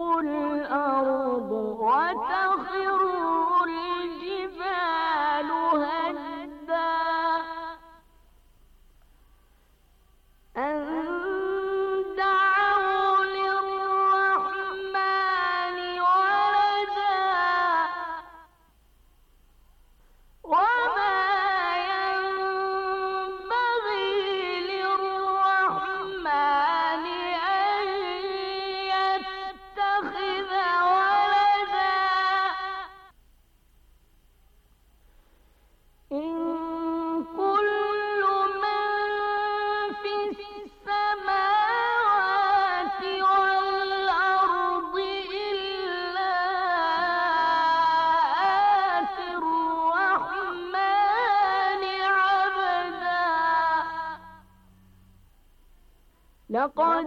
الأرض وتخر لقد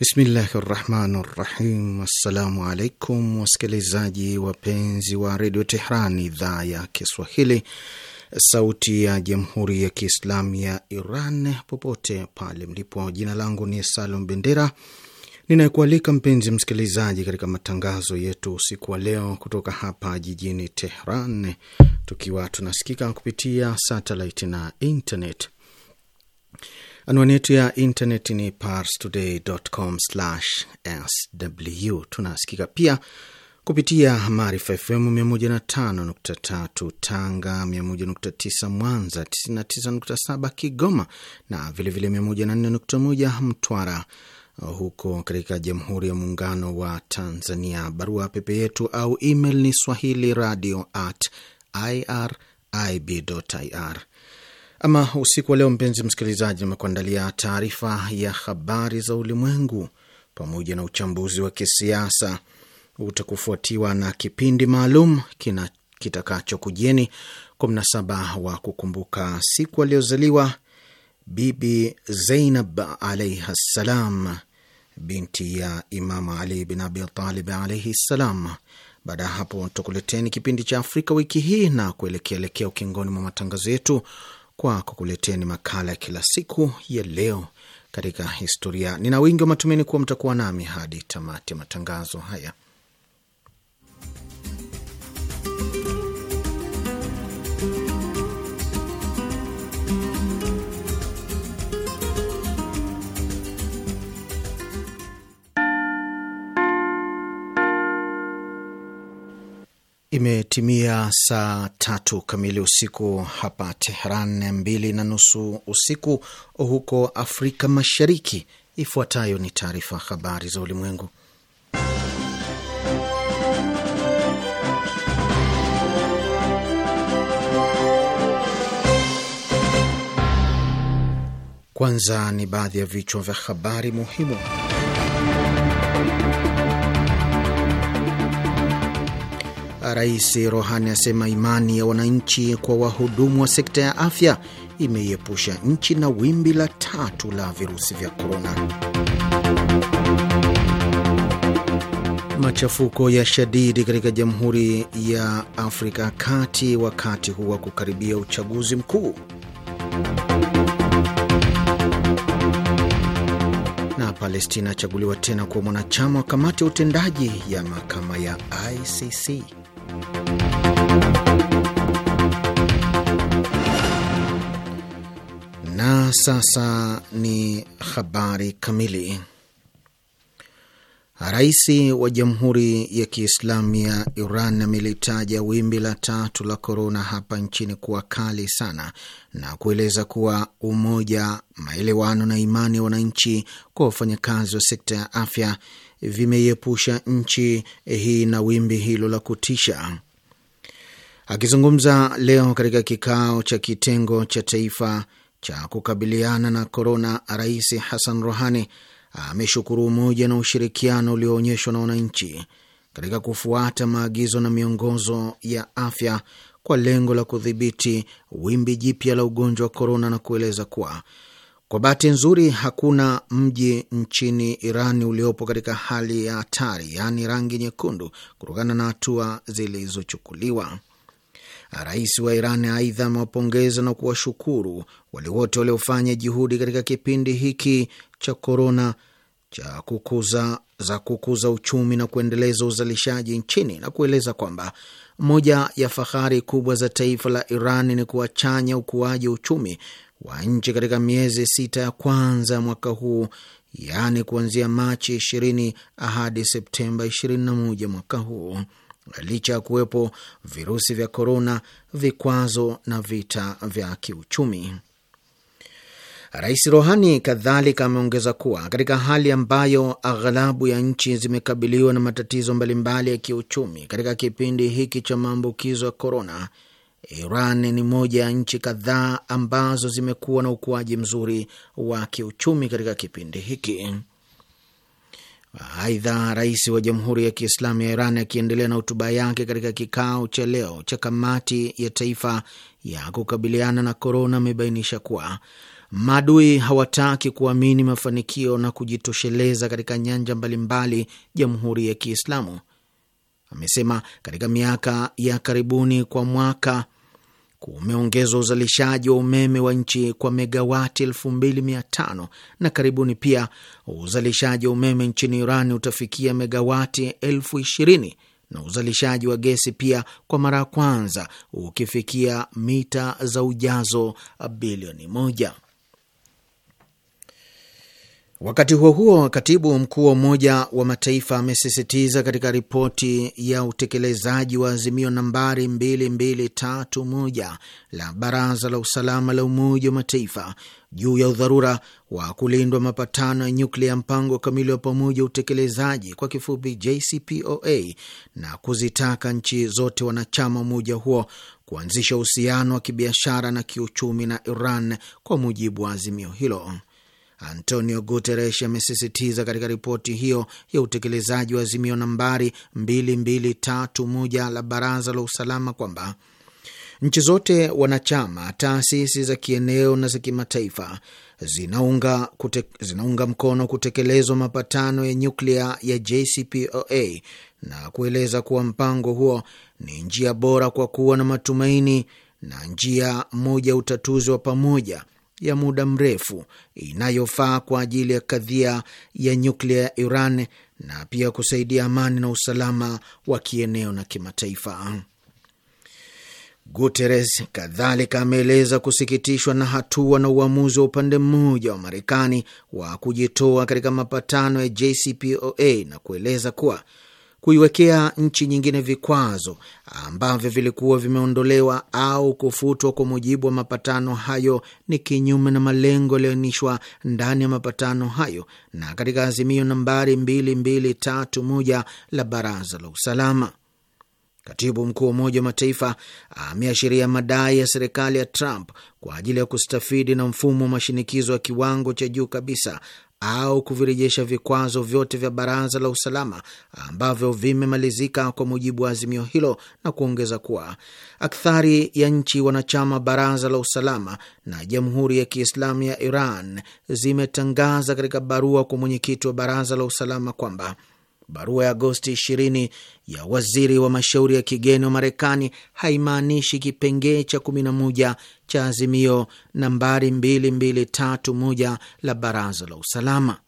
Bismillahi rahmani rahim. Assalamu alaikum wasikilizaji wapenzi wa redio Tehran, idhaa ya Kiswahili, sauti ya jamhuri ya kiislamu ya Iran, popote pale mlipo. Jina langu ni Salum Bendera ninayekualika mpenzi msikilizaji katika matangazo yetu usiku wa leo kutoka hapa jijini Tehran, tukiwa tunasikika kupitia satellite na internet. Anwani yetu ya intaneti ni parstoday.com/sw. Tunasikika pia kupitia Maarifa FM 105.3 Tanga, 101.9 Mwanza, 99.7 Kigoma na vilevile 104.1 Mtwara, huko katika Jamhuri ya Muungano wa Tanzania. Barua pepe yetu au email ni swahili radio at irib.ir. Ama usiku wa leo, mpenzi msikilizaji, nimekuandalia taarifa ya habari za ulimwengu pamoja na uchambuzi wa kisiasa utakufuatiwa na kipindi maalum kitakacho kujeni kwa mnasaba wa kukumbuka siku aliyozaliwa Bibi Zainab alaihi ssalam, binti ya Imamu Ali bin Abi Talib alaihi ssalam. Baada ya hapo, tukuleteni kipindi cha Afrika wiki hii na kuelekeaelekea ukingoni mwa matangazo yetu kwa kukuleteni makala ya kila siku ya leo katika historia. Nina wingi wa matumaini kuwa mtakuwa nami hadi tamati ya matangazo haya. Imetimia saa tatu kamili usiku hapa Teheran, mbili na nusu usiku huko Afrika Mashariki. Ifuatayo ni taarifa habari za ulimwengu, kwanza ni baadhi ya vichwa vya habari muhimu. Rais Rohani asema imani ya wananchi kwa wahudumu wa sekta ya afya imeiepusha nchi na wimbi la tatu la virusi vya korona. Machafuko ya shadidi katika Jamhuri ya Afrika Kati wakati huu wa kukaribia uchaguzi mkuu. Na Palestina achaguliwa tena kuwa mwanachama wa kamati ya utendaji ya mahakama ya ICC. Na sasa ni habari kamili. Rais wa Jamhuri ya Kiislamu ya Iran amelitaja wimbi la tatu la korona hapa nchini kuwa kali sana na kueleza kuwa umoja, maelewano na imani ya wananchi kwa wafanyakazi wa sekta ya afya vimeiepusha nchi hii na wimbi hilo la kutisha. Akizungumza leo katika kikao cha kitengo cha taifa cha kukabiliana na korona, Rais Hassan Rohani ameshukuru umoja na ushirikiano ulioonyeshwa na wananchi katika kufuata maagizo na miongozo ya afya kwa lengo la kudhibiti wimbi jipya la ugonjwa wa korona na kueleza kuwa kwa bahati nzuri hakuna mji nchini Irani uliopo katika hali ya hatari, yaani rangi nyekundu, kutokana na hatua zilizochukuliwa. Rais wa Iran aidha amewapongeza na kuwashukuru wale wote waliofanya juhudi katika kipindi hiki cha korona cha kukuza za kukuza uchumi na kuendeleza uzalishaji nchini na kueleza kwamba moja ya fahari kubwa za taifa la Iran ni kuwachanya ukuaji wa uchumi wa nchi katika miezi sita ya kwanza ya mwaka huu, yaani kuanzia Machi 20 hadi Septemba 21 mwaka huu, licha ya kuwepo virusi vya korona, vikwazo na vita vya kiuchumi. Rais Rohani kadhalika ameongeza kuwa katika hali ambayo aghalabu ya nchi zimekabiliwa na matatizo mbalimbali ya kiuchumi katika kipindi hiki cha maambukizo ya korona Iran ni moja ya nchi kadhaa ambazo zimekuwa na ukuaji mzuri wa kiuchumi katika kipindi hiki. Aidha, rais wa Jamhuri ya Kiislamu ya Iran akiendelea na hotuba yake katika kikao cha leo cha kamati ya taifa ya kukabiliana na korona, amebainisha kuwa maadui hawataki kuamini mafanikio na kujitosheleza katika nyanja mbalimbali Jamhuri ya Kiislamu amesema katika miaka ya karibuni kwa mwaka kumeongezwa uzalishaji wa umeme wa nchi kwa megawati elfu na karibuni pia uzalishaji wa umeme nchini Iran utafikia megawati elfu na uzalishaji wa gesi pia kwa mara ya kwanza ukifikia mita za ujazo bilioni moja. Wakati huo huo, katibu mkuu wa Umoja wa Mataifa amesisitiza katika ripoti ya utekelezaji wa azimio nambari 2231 la Baraza la Usalama la Umoja wa Mataifa juu ya udharura wa kulindwa mapatano ya nyuklia, mpango kamili wa pamoja utekelezaji, kwa kifupi JCPOA, na kuzitaka nchi zote wanachama umoja huo kuanzisha uhusiano wa kibiashara na kiuchumi na Iran kwa mujibu wa azimio hilo. Antonio Guterres amesisitiza katika ripoti hiyo ya utekelezaji wa azimio nambari 2231 la Baraza la Usalama kwamba nchi zote wanachama, taasisi za kieneo na za kimataifa zinaunga, zinaunga mkono kutekelezwa mapatano ya nyuklia ya JCPOA na kueleza kuwa mpango huo ni njia bora kwa kuwa na matumaini na njia moja ya utatuzi wa pamoja ya muda mrefu inayofaa kwa ajili ya kadhia ya nyuklia ya Iran na pia kusaidia amani na usalama wa kieneo na kimataifa. Guterres kadhalika ameeleza kusikitishwa na hatua na uamuzi wa upande mmoja wa Marekani wa kujitoa katika mapatano ya JCPOA na kueleza kuwa kuiwekea nchi nyingine vikwazo ambavyo vilikuwa vimeondolewa au kufutwa kwa mujibu wa mapatano hayo ni kinyume na malengo yaliyoainishwa ndani ya mapatano hayo na katika azimio nambari 2231 la Baraza la Usalama. Katibu mkuu wa Umoja wa Mataifa ameashiria madai ya serikali ya Trump kwa ajili ya kustafidi na mfumo wa mashinikizo ya kiwango cha juu kabisa au kuvirejesha vikwazo vyote vya Baraza la Usalama ambavyo vimemalizika kwa mujibu wa azimio hilo, na kuongeza kuwa akthari ya nchi wanachama Baraza la Usalama na Jamhuri ya Kiislamu ya Iran zimetangaza katika barua kwa mwenyekiti wa Baraza la Usalama kwamba barua ya Agosti 20 ya waziri wa mashauri ya kigeni wa Marekani haimaanishi kipengee cha 11 cha azimio nambari 2231 la Baraza la Usalama.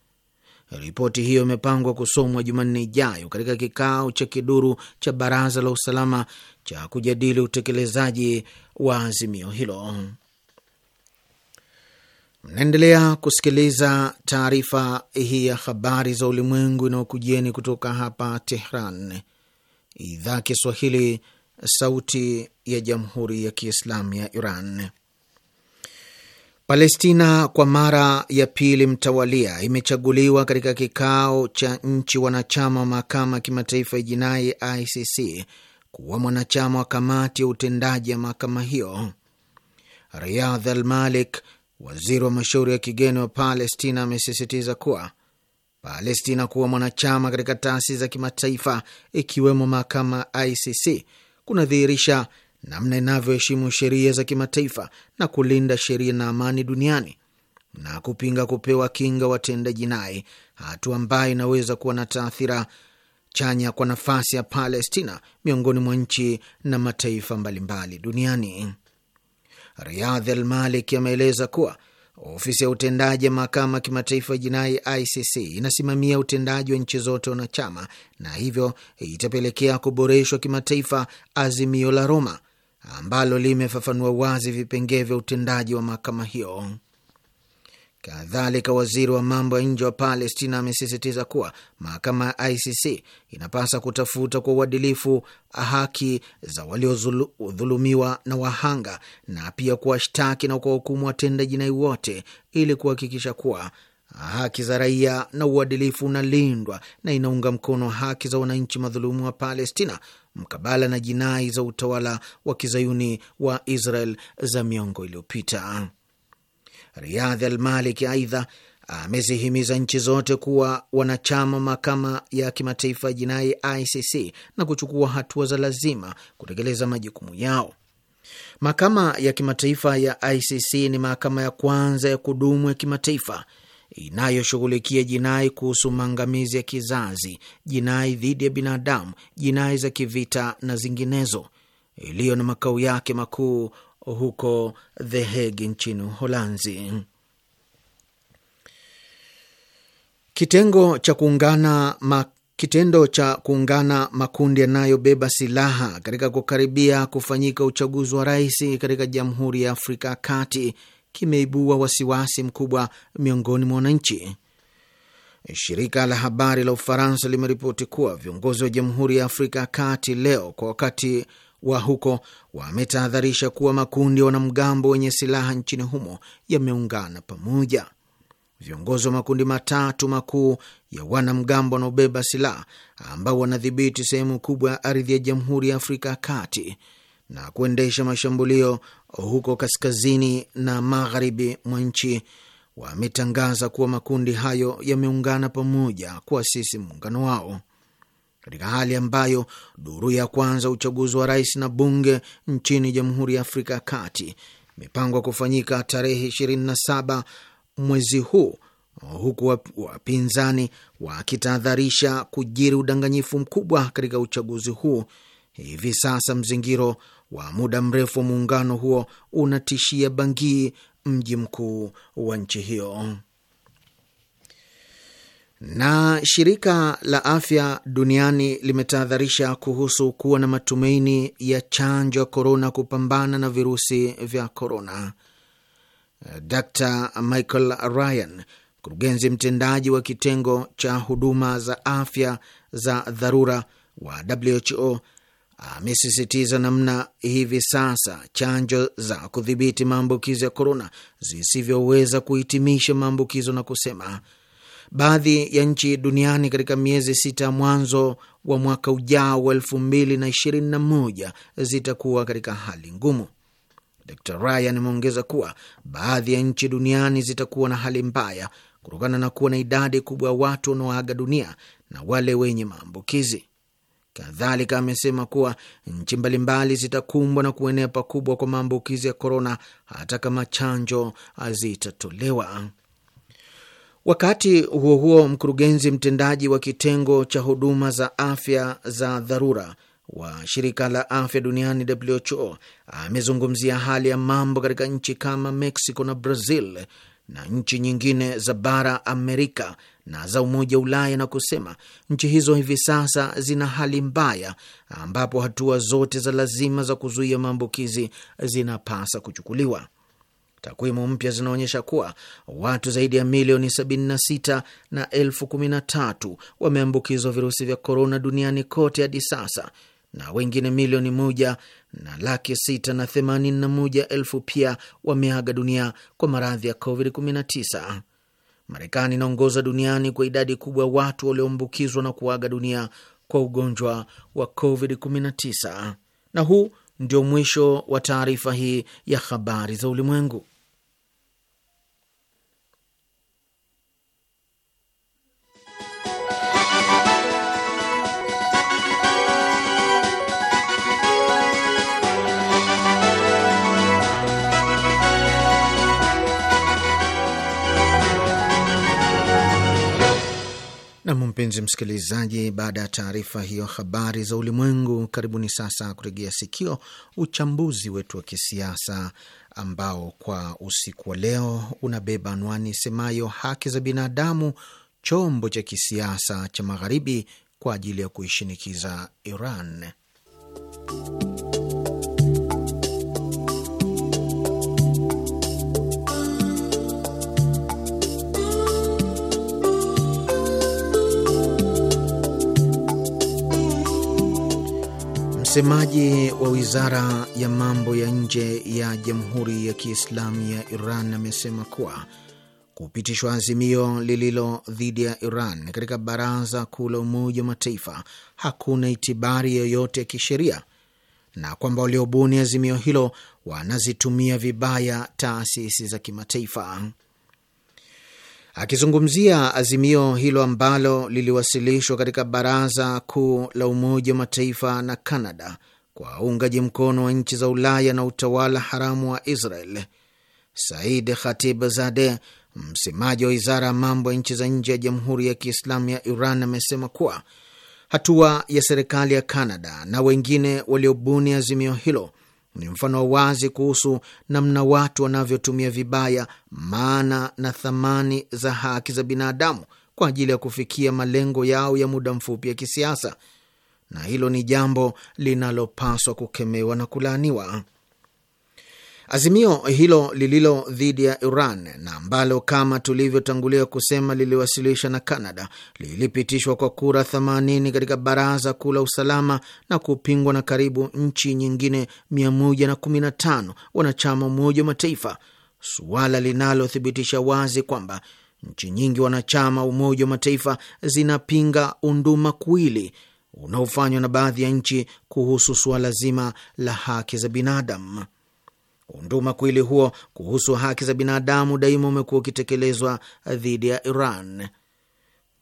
Ripoti hiyo imepangwa kusomwa Jumanne ijayo katika kikao cha kiduru cha Baraza la Usalama cha kujadili utekelezaji wa azimio hilo. Mnaendelea kusikiliza taarifa hii ya habari za ulimwengu inayokujieni kutoka hapa Tehran, idhaa Kiswahili, sauti ya jamhuri ya kiislamu ya Iran. Palestina kwa mara ya pili mtawalia imechaguliwa katika kikao cha nchi wanachama wa mahakama ya kimataifa ya jinai ICC kuwa mwanachama wa kamati ya utendaji ya mahakama hiyo. Riyadh Al Malik, Waziri wa mashauri ya kigeni wa Palestina amesisitiza kuwa Palestina kuwa mwanachama katika taasisi za kimataifa ikiwemo mahakama ICC kunadhihirisha namna inavyoheshimu sheria za kimataifa na kulinda sheria na amani duniani na kupinga kupewa kinga watenda jinai, hatua ambayo inaweza kuwa na taathira chanya kwa nafasi ya Palestina miongoni mwa nchi na mataifa mbalimbali duniani. Riyadh Al Malik ameeleza kuwa ofisi ya utendaji ya mahakama ya kimataifa jinai ICC inasimamia utendaji wa nchi zote wanachama na hivyo itapelekea kuboreshwa kimataifa azimio la Roma ambalo limefafanua wazi vipengee vya utendaji wa mahakama hiyo. Kadhalika, waziri wa mambo ya nje wa Palestina amesisitiza kuwa mahakama ya ICC inapasa kutafuta kwa uadilifu haki za waliodhulumiwa na wahanga na pia kuwashtaki na kuwahukumu watenda jinai wote ili kuhakikisha kuwa haki za raia na uadilifu unalindwa na inaunga mkono haki za wananchi madhulumu wa Palestina mkabala na jinai za utawala wa kizayuni wa Israel za miongo iliyopita. Riadhi Al Maliki aidha amezihimiza nchi zote kuwa wanachama mahakama ya kimataifa ya jinai ICC na kuchukua hatua za lazima kutekeleza majukumu yao. Mahakama ya kimataifa ya ICC ni mahakama ya kwanza ya kudumu ya kimataifa inayoshughulikia jinai kuhusu maangamizi ya kizazi, jinai dhidi ya binadamu, jinai za kivita na zinginezo, iliyo na makao yake makuu huko The Hague nchini Uholanzi. Kitengo cha kuungana ma, kitendo cha kuungana makundi yanayobeba silaha katika kukaribia kufanyika uchaguzi wa rais katika Jamhuri ya Afrika ya Kati kimeibua wasiwasi mkubwa miongoni mwa wananchi. Shirika la habari la Ufaransa limeripoti kuwa viongozi wa Jamhuri ya Afrika ya Kati leo kwa wakati wa huko wametahadharisha kuwa makundi ya wanamgambo wenye silaha nchini humo yameungana pamoja. Viongozi wa makundi matatu makuu ya wanamgambo wanaobeba silaha ambao wanadhibiti sehemu kubwa ya ardhi ya Jamhuri ya Afrika ya Kati na kuendesha mashambulio huko kaskazini na magharibi mwa nchi wametangaza kuwa makundi hayo yameungana pamoja kuasisi muungano wao katika hali ambayo duru ya kwanza uchaguzi wa rais na bunge nchini Jamhuri ya Afrika ya Kati imepangwa kufanyika tarehe 27 mwezi huu huku wapinzani wakitahadharisha kujiri udanganyifu mkubwa katika uchaguzi huu. Hivi sasa mzingiro wa muda mrefu wa muungano huo unatishia Bangui, mji mkuu wa nchi hiyo. Na shirika la afya duniani limetahadharisha kuhusu kuwa na matumaini ya chanjo ya korona kupambana na virusi vya korona. Dr Michael Ryan, mkurugenzi mtendaji wa kitengo cha huduma za afya za dharura wa WHO, amesisitiza namna hivi sasa chanjo za kudhibiti maambukizo ya korona zisivyoweza kuhitimisha maambukizo na kusema baadhi ya nchi duniani katika miezi sita ya mwanzo wa mwaka ujao wa elfu mbili na ishirini na moja zitakuwa katika hali ngumu. Dr Ryan ameongeza kuwa baadhi ya nchi duniani zitakuwa na hali mbaya kutokana na kuwa na idadi kubwa ya watu wanaoaga dunia na wale wenye maambukizi. Kadhalika amesema kuwa nchi mbalimbali zitakumbwa na kuenea pakubwa kwa maambukizi ya korona hata kama chanjo hazitatolewa. Wakati huo huo, mkurugenzi mtendaji wa kitengo cha huduma za afya za dharura wa shirika la afya duniani WHO amezungumzia hali ya mambo katika nchi kama Mexico na Brazil na nchi nyingine za bara Amerika na za Umoja wa Ulaya na kusema nchi hizo hivi sasa zina hali mbaya, ambapo hatua zote za lazima za kuzuia maambukizi zinapasa kuchukuliwa. Takwimu mpya zinaonyesha kuwa watu zaidi ya milioni 76 na elfu 13 wameambukizwa virusi vya korona duniani kote hadi sasa na wengine milioni moja na laki sita na themanini na moja elfu pia wameaga dunia kwa maradhi ya COVID-19. Marekani inaongoza duniani kwa idadi kubwa ya watu walioambukizwa na kuaga dunia kwa ugonjwa wa COVID-19. Na huu ndio mwisho wa taarifa hii ya habari za ulimwengu. Nam, mpenzi msikilizaji, baada ya taarifa hiyo habari za ulimwengu, karibuni sasa kuregea sikio uchambuzi wetu wa kisiasa ambao kwa usiku wa leo unabeba anwani semayo haki za binadamu, chombo cha kisiasa cha magharibi kwa ajili ya kuishinikiza Iran. Msemaji wa wizara ya mambo ya nje ya Jamhuri ya Kiislamu ya Iran amesema kuwa kupitishwa azimio lililo dhidi ya Iran katika Baraza Kuu la Umoja wa Mataifa hakuna itibari yoyote ya kisheria na kwamba waliobuni azimio hilo wanazitumia vibaya taasisi za kimataifa. Akizungumzia azimio hilo ambalo liliwasilishwa katika Baraza Kuu la Umoja wa Mataifa na Kanada kwa uungaji mkono wa nchi za Ulaya na utawala haramu wa Israel, Said Khatib Zade, msemaji wa wizara ya mambo ya nchi za nje ya Jamhuri ya Kiislamu ya Iran, amesema kuwa hatua ya serikali ya Kanada na wengine waliobuni azimio hilo ni mfano wa wazi kuhusu namna watu wanavyotumia vibaya maana na thamani za haki za binadamu kwa ajili ya kufikia malengo yao ya muda mfupi ya kisiasa, na hilo ni jambo linalopaswa kukemewa na kulaaniwa. Azimio hilo lililo dhidi ya Iran na ambalo kama tulivyotangulia kusema liliwasilisha na canada lilipitishwa kwa kura 80 katika baraza kuu la usalama na kupingwa na karibu nchi nyingine 115 wanachama Umoja wa Mataifa, suala linalothibitisha wazi kwamba nchi nyingi wanachama Umoja wa Mataifa zinapinga unduma kuili unaofanywa na baadhi ya nchi kuhusu suala zima la haki za binadamu. Unduma kwili huo kuhusu haki za binadamu daima umekuwa ukitekelezwa dhidi ya Iran.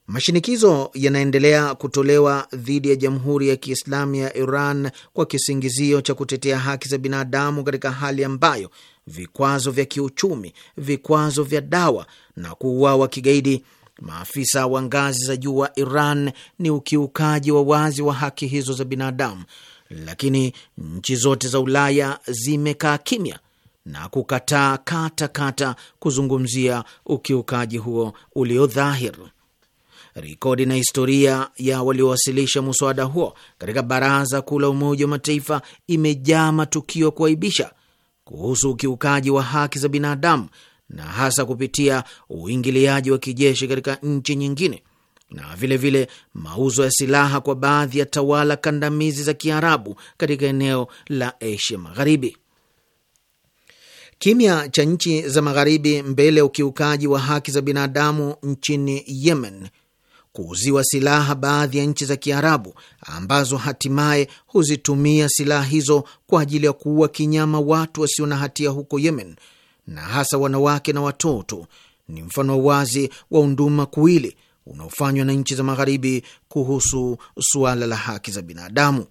Mashinikizo yanaendelea kutolewa dhidi ya Jamhuri ya Kiislamu ya Iran kwa kisingizio cha kutetea haki za binadamu katika hali ambayo vikwazo vya kiuchumi, vikwazo vya dawa na kuuawa kigaidi maafisa wa ngazi za juu wa Iran ni ukiukaji wa wazi wa haki hizo za binadamu lakini nchi zote za Ulaya zimekaa kimya na kukataa kata kata kuzungumzia ukiukaji huo ulio dhahir. Rekodi na historia ya waliowasilisha muswada huo katika Baraza Kuu la Umoja wa Mataifa imejaa matukio ya kuaibisha kuhusu ukiukaji wa haki za binadamu na hasa kupitia uingiliaji wa kijeshi katika nchi nyingine na vilevile vile mauzo ya silaha kwa baadhi ya tawala kandamizi za Kiarabu katika eneo la Asia Magharibi. Kimya cha nchi za Magharibi mbele ya ukiukaji wa haki za binadamu nchini Yemen, kuuziwa silaha baadhi ya nchi za Kiarabu ambazo hatimaye huzitumia silaha hizo kwa ajili ya kuua kinyama watu wasio na hatia huko Yemen, na hasa wanawake na watoto, ni mfano wazi wa unduma kuwili unaofanywa na nchi za Magharibi kuhusu suala la haki za binadamu.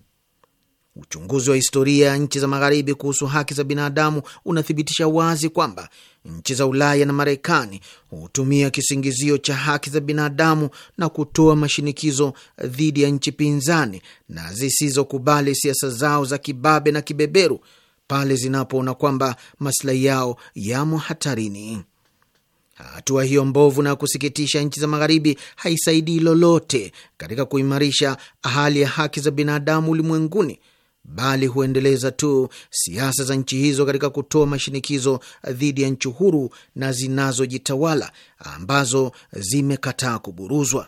Uchunguzi wa historia ya nchi za Magharibi kuhusu haki za binadamu unathibitisha wazi kwamba nchi za Ulaya na Marekani hutumia kisingizio cha haki za binadamu na kutoa mashinikizo dhidi ya nchi pinzani na zisizokubali siasa zao za kibabe na kibeberu pale zinapoona kwamba maslahi yao yamo hatarini. Hatua hiyo mbovu na kusikitisha nchi za Magharibi haisaidii lolote katika kuimarisha hali ya haki za binadamu ulimwenguni, bali huendeleza tu siasa za nchi hizo katika kutoa mashinikizo dhidi ya nchi huru na zinazojitawala ambazo zimekataa kuburuzwa.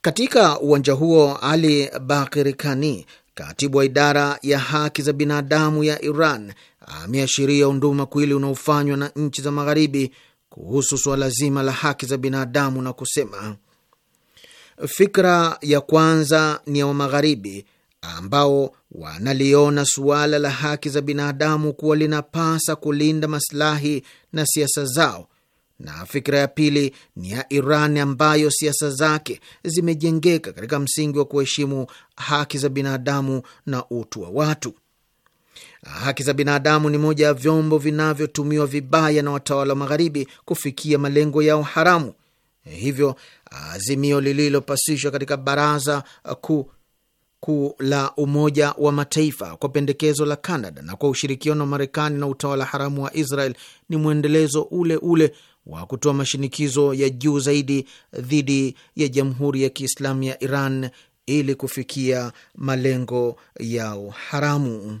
Katika uwanja huo, Ali Bakir Kani, katibu wa idara ya haki za binadamu ya Iran, ameashiria unduma kwili unaofanywa na nchi za Magharibi kuhusu suala zima la haki za binadamu na kusema fikra ya kwanza ni ya Wamagharibi ambao wanaliona suala la haki za binadamu kuwa linapasa kulinda masilahi na siasa zao, na fikra ya pili ni ya Iran ambayo siasa zake zimejengeka katika msingi wa kuheshimu haki za binadamu na utu wa watu. Haki za binadamu ni moja ya vyombo vinavyotumiwa vibaya na watawala wa magharibi kufikia malengo yao haramu. Hivyo azimio lililopasishwa katika baraza kuu kuu la Umoja wa Mataifa kwa pendekezo la Canada na kwa ushirikiano wa Marekani na utawala haramu wa Israel ni mwendelezo ule ule wa kutoa mashinikizo ya juu zaidi dhidi ya Jamhuri ya Kiislamu ya Iran ili kufikia malengo yao haramu.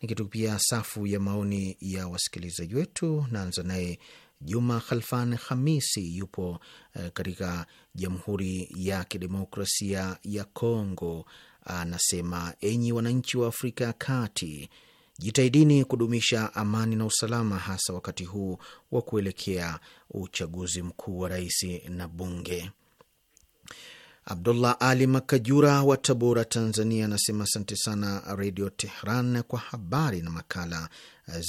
nikitupia safu ya maoni ya wasikilizaji wetu. Naanza naye Juma Khalfan Hamisi, yupo eh, katika Jamhuri ya Kidemokrasia ya Kongo. Anasema, enyi wananchi wa Afrika ya Kati, jitahidini kudumisha amani na usalama, hasa wakati huu wa kuelekea uchaguzi mkuu wa rais na bunge. Abdullah Ali Makajura wa Tabora, Tanzania, anasema asante sana Redio Tehran kwa habari na makala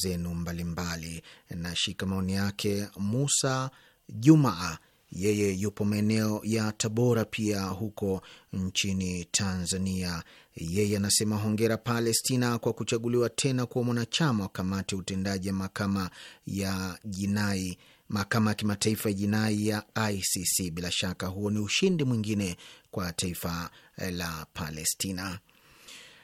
zenu mbalimbali. Nashika maoni yake Musa Jumaa yeye yupo maeneo ya Tabora pia huko nchini Tanzania. Yeye anasema hongera Palestina kwa kuchaguliwa tena kuwa mwanachama wa kamati ya utendaji ya mahakama ya jinai mahakama ya kimataifa ya jinai ya ICC. Bila shaka huo ni ushindi mwingine kwa taifa la Palestina.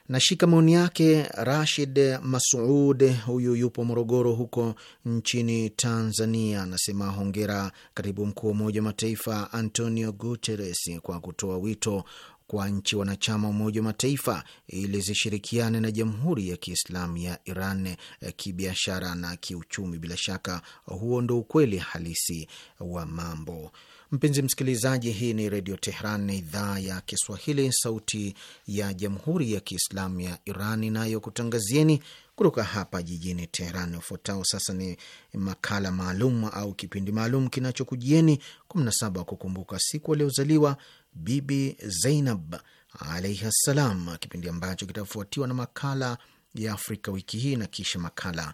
Nashika maoni yake Rashid Masud, huyu yupo Morogoro huko nchini Tanzania. Anasema hongera katibu mkuu wa Umoja wa Mataifa Antonio Guterres kwa kutoa wito kwa nchi wanachama Umoja wa Mataifa ili zishirikiane na Jamhuri ya Kiislamu ya Iran kibiashara na kiuchumi. Bila shaka huo ndo ukweli halisi wa mambo. Mpenzi msikilizaji, hii ni Redio Tehran na idhaa ya Kiswahili, sauti ya Jamhuri ya Kiislamu ya Iran inayokutangazieni kutoka hapa jijini Teheran. Ufuatao sasa ni makala maalum au kipindi maalum kinachokujieni kwa mnasaba wa kukumbuka siku aliyozaliwa Bibi Zeinab alaihi ssalam, kipindi ambacho kitafuatiwa na makala ya Afrika wiki hii na kisha makala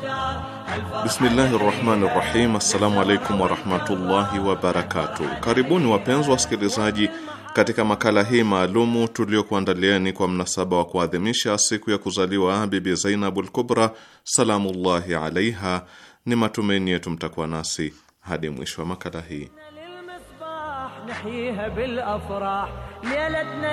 Bismillahi rahmani rahim. Assalamu alaikum warahmatullahi wabarakatuh. Karibuni wapenzi wasikilizaji, katika makala hii maalumu tuliokuandalieni kwa mnasaba wa kuadhimisha siku ya kuzaliwa Bibi zainabu lkubra salamullahi alaiha. Ni matumaini yetu mtakuwa nasi hadi mwisho wa makala hii. نحييها بالافراح ليلتنا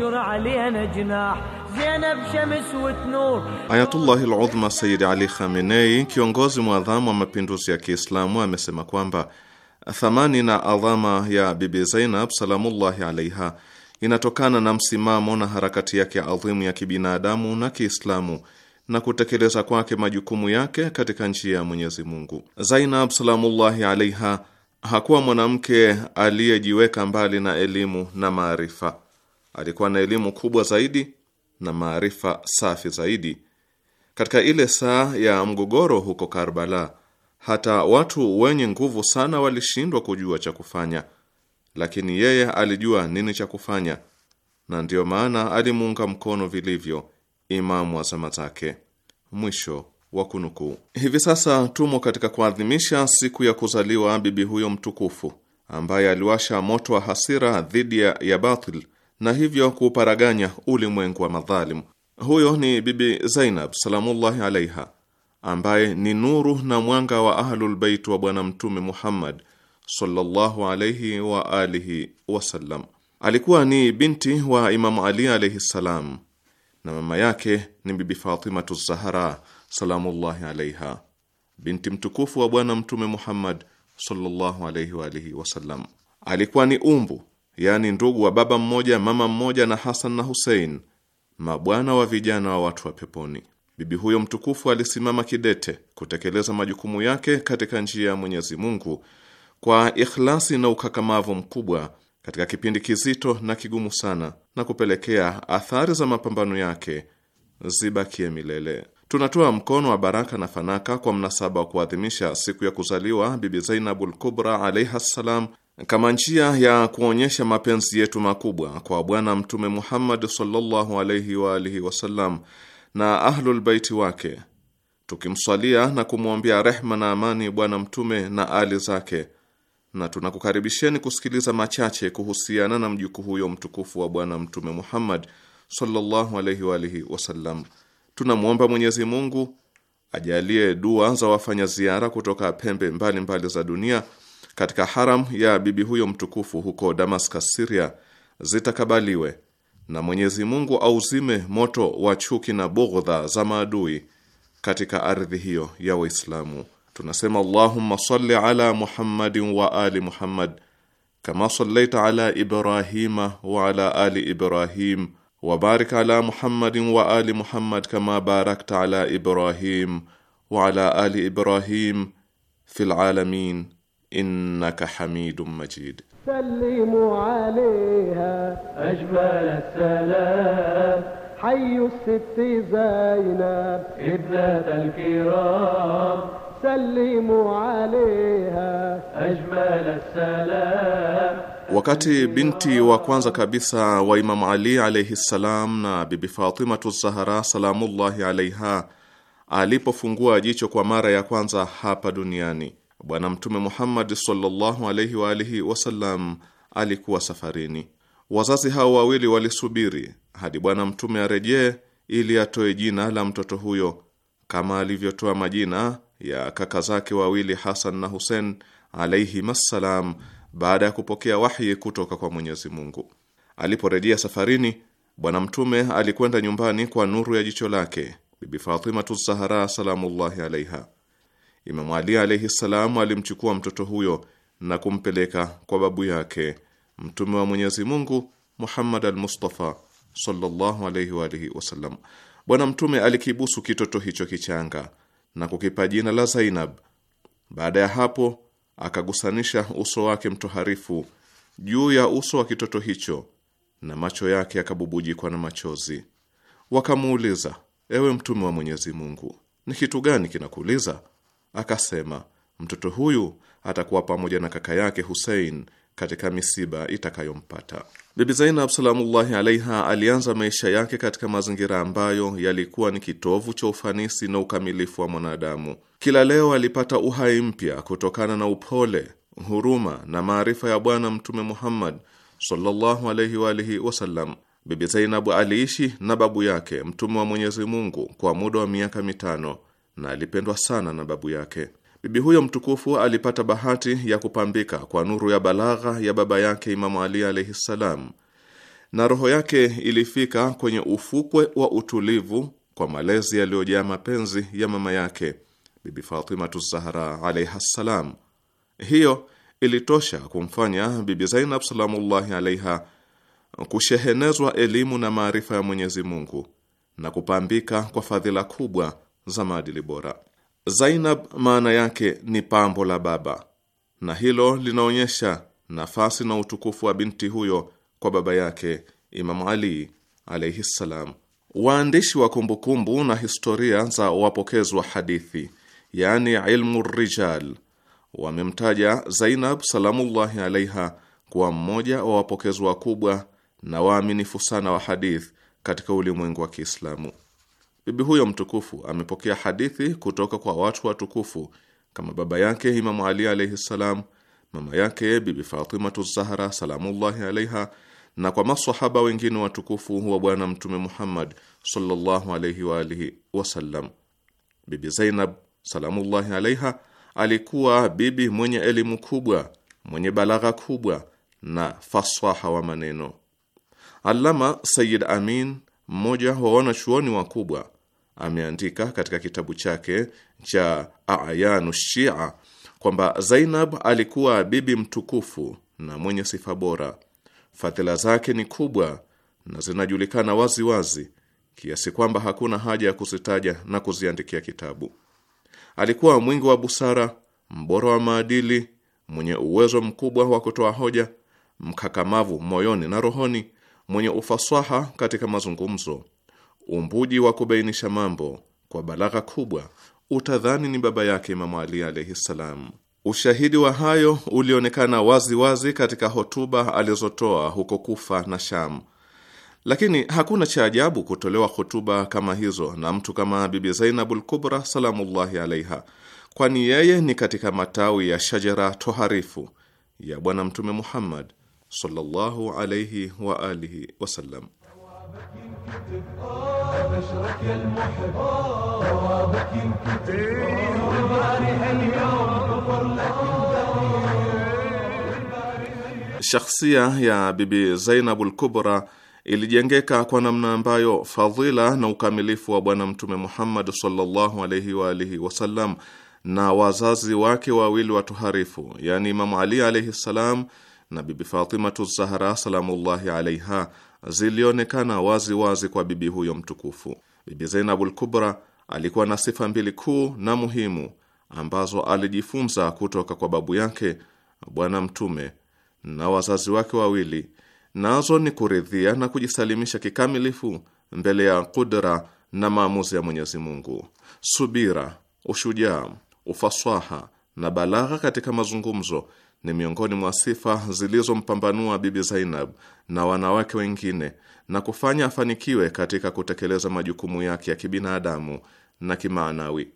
وانشر علينا جناح زينب شمس وتنور Nur. الله العظمى سيد علي خامنئي كيونغوزي kiongozi mwadhamu wa mapinduzi ya Kiislamu, amesema kwamba thamani na adhama ya Bibi Zainab salamullahi alaiha inatokana na msimamo na harakati yake adhimu ya kibinadamu na Kiislamu na kutekeleza kwake majukumu yake katika njia ya Mwenyezi Mungu. Zainab salamullahi alaiha hakuwa mwanamke aliyejiweka mbali na elimu na maarifa alikuwa na elimu kubwa zaidi na maarifa safi zaidi. Katika ile saa ya mgogoro huko Karbala, hata watu wenye nguvu sana walishindwa kujua cha kufanya, lakini yeye alijua nini cha kufanya, na ndiyo maana alimuunga mkono vilivyo imamu wa zama zake. Mwisho wa kunukuu. Hivi sasa tumo katika kuadhimisha siku ya kuzaliwa bibi huyo mtukufu ambaye aliwasha moto wa hasira dhidi ya batil na hivyo kuparaganya ulimwengu wa madhalimu. Huyo ni Bibi Zainab salamullahi alaiha, ambaye ni nuru na mwanga wa Ahlulbeit wa Bwana Mtume Muhammad sallallahu alaihi wa alihi wasallam. Alikuwa ni binti wa Imamu Ali alaihi ssalam, na mama yake ni Bibi Fatimatu Zahara salamullahi alaiha, binti mtukufu wa Bwana Mtume Muhammad sallallahu alaihi wa alihi wasallam. Alikuwa ni umbu yaani ndugu wa baba mmoja mama mmoja na Hasan na Husein, mabwana wa vijana wa watu wa peponi. Bibi huyo mtukufu alisimama kidete kutekeleza majukumu yake katika njia ya Mwenyezi Mungu kwa ikhlasi na ukakamavu mkubwa katika kipindi kizito na kigumu sana, na kupelekea athari za mapambano yake zibakie milele. Tunatoa mkono wa baraka na fanaka kwa mnasaba wa kuadhimisha siku ya kuzaliwa Bibi Zainabul Kubra alaiha ssalam kama njia ya kuonyesha mapenzi yetu makubwa kwa Bwana Mtume Muhammad sallallahu alaihi wa alihi wasallam na Ahlulbaiti wake, tukimswalia na kumwombea rehma na amani Bwana Mtume na ali zake, na tunakukaribisheni kusikiliza machache kuhusiana na mjukuu huyo mtukufu wa Bwana Mtume Muhammad sallallahu alaihi wa alihi wasallam. Tunamwomba Mwenyezi Mungu ajalie dua za wafanya ziara kutoka pembe mbalimbali mbali za dunia katika haram ya bibi huyo mtukufu huko Damascus, Syria zitakabaliwe na Mwenyezi Mungu auzime moto wa chuki na bughdha za maadui katika ardhi hiyo ya Waislamu. Tunasema Allahumma salli ala Muhammadin wa ali Muhammad kama sallaita ala Ibrahima wa ala ali Ibrahim wa barik ala Muhammadin wa ali Muhammad kama barakta ala Ibrahim wa ala ali Ibrahim fil alamin innaka hamidum majid. Sallimu alayha ajmal assalam حي الست زينب ابنة الكرام سلموا عليها أجمل السلام Wakati binti wa kwanza kabisa wa Imamu Ali alaihi ssalam na Bibi Fatimatu Zahara salamullahi alaiha alipofungua jicho kwa mara ya kwanza hapa duniani Bwana Mtume Muhammad sallallahu alaihi wa alihi wasallam alikuwa safarini. Wazazi hao wawili walisubiri hadi Bwana Mtume arejee ili atoe jina la mtoto huyo kama alivyotoa majina ya kaka zake wawili Hasan na Husen alaihimassalam, baada ya kupokea wahyi kutoka kwa Mwenyezi Mungu. Aliporejea safarini, Bwana Mtume alikwenda nyumbani kwa nuru ya jicho lake Bibi Fatimatu Zahara salamullahi alaiha. Imamu Ali alaihi ssalam alimchukua mtoto huyo na kumpeleka kwa babu yake Mtume wa Mwenyezi Mungu Muhammad al-Mustafa sallallahu alaihi wa alihi wasallam. Bwana Mtume alikibusu kitoto hicho kichanga na kukipa jina la Zainab. Baada ya hapo, akagusanisha uso wake mtoharifu juu ya uso wa kitoto hicho na macho yake yakabubujikwa na machozi. Wakamuuliza, ewe Mtume wa Mwenyezi Mungu, ni kitu gani kinakuuliza? akasema, mtoto huyu atakuwa pamoja na kaka yake Hussein katika misiba itakayompata. Bibi Zainab salamullahi alaiha alianza maisha yake katika mazingira ambayo yalikuwa ni kitovu cha ufanisi na ukamilifu wa mwanadamu. Kila leo alipata uhai mpya kutokana na upole, huruma na maarifa ya Bwana Mtume Muhammad sallallahu alaihi wa alihi wasallam. Bibi Zainabu aliishi na babu yake Mtume wa Mwenyezi Mungu kwa muda wa miaka mitano na alipendwa sana na babu yake. Bibi huyo mtukufu alipata bahati ya kupambika kwa nuru ya balagha ya baba yake Imamu Ali alaihi ssalam, na roho yake ilifika kwenye ufukwe wa utulivu kwa malezi yaliyojaa mapenzi ya mama yake Bibi Fatimatu Zahra alaiha ssalam. Hiyo ilitosha kumfanya Bibi Zainab salamullahi alaiha kushehenezwa elimu na maarifa ya Mwenyezi Mungu na kupambika kwa fadhila kubwa za maadili bora. Zainab maana yake ni pambo la baba, na hilo linaonyesha nafasi na utukufu wa binti huyo kwa baba yake Imamu Ali alaihi ssalam. Waandishi wa kumbukumbu kumbu na historia za wapokezwa hadithi, yani ilmu rijal, wamemtaja Zainab salamullahi alaiha kuwa mmoja wa wapokezi wakubwa na waaminifu sana wa hadith katika ulimwengu wa Kiislamu. Bibi huyo mtukufu amepokea hadithi kutoka kwa watu watukufu kama baba yake Imamu Ali alaihi ssalam, mama yake Bibi Fatimatu Zahra salamullahi alaiha, na kwa masahaba wengine watukufu wa Bwana Mtume Muhammad sallallahu alaihi wa alihi wasallam. Bibi Zainab salamullahi alaiha alikuwa bibi mwenye elimu kubwa, mwenye balagha kubwa na fasaha wa maneno. Allama Sayyid Amin, mmoja wa wanachuoni wakubwa ameandika katika kitabu chake cha Ayanu Shia kwamba Zainab alikuwa bibi mtukufu na mwenye sifa bora. Fadhila zake ni kubwa na zinajulikana wazi wazi kiasi kwamba hakuna haja ya kuzitaja na kuziandikia kitabu. Alikuwa mwingi wa busara, mbora wa maadili, mwenye uwezo mkubwa wa kutoa hoja, mkakamavu moyoni na rohoni, mwenye ufasaha katika mazungumzo umbuji wa kubainisha mambo kwa balagha kubwa, utadhani ni baba yake Imamu Ali alaihi ssalam. Ushahidi wa hayo ulionekana wazi wazi katika hotuba alizotoa huko Kufa na Sham. Lakini hakuna cha ajabu kutolewa hotuba kama hizo na mtu kama Bibi Zainabul Kubra salamullahi alaiha, kwani yeye ni katika matawi ya shajara toharifu ya Bwana Mtume Muhammad sallallahu alaihi wa alihi wasallam. Shakhsia ya Bibi Zainabul Kubra ilijengeka kwa namna ambayo fadhila na ukamilifu wa Bwana Mtume Muhammad sallallahu alaihi wa alihi wasallam na wazazi wake wawili watuharifu, yaani Imamu Ali alaihi ssalam na Bibi Fatimatu Zahra salamullahi alaiha zilionekana wazi wazi kwa bibi huyo mtukufu. Bibi Zainabul Kubra alikuwa na sifa mbili kuu na muhimu ambazo alijifunza kutoka kwa babu yake Bwana Mtume na wazazi wake wawili, nazo ni kuridhia na kujisalimisha kikamilifu mbele ya kudra na maamuzi ya Mwenyezi Mungu, subira, ushujaa, ufaswaha na balagha katika mazungumzo ni miongoni mwa sifa zilizompambanua Bibi Zainab na wanawake wengine na kufanya afanikiwe katika kutekeleza majukumu yake ya kibinadamu na kimaanawi.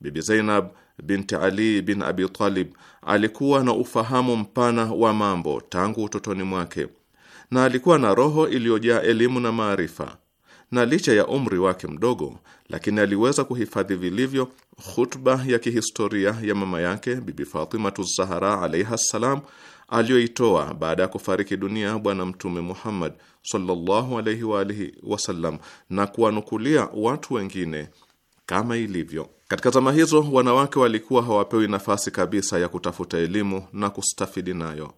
Bibi Zainab binti Ali bin Abi Talib alikuwa na ufahamu mpana wa mambo tangu utotoni mwake na alikuwa na roho iliyojaa elimu na maarifa na licha ya umri wake mdogo, lakini aliweza kuhifadhi vilivyo khutba ya kihistoria ya mama yake Bibi Fatimatu Zahara alaihi ssalam aliyoitoa baada ya kufariki dunia Bwana Mtume Muhammad sallallahu alaihi wa alihi wasallam, na kuwanukulia watu wengine kama ilivyo katika zama hizo. Wanawake walikuwa hawapewi nafasi kabisa ya kutafuta elimu na kustafidi nayo,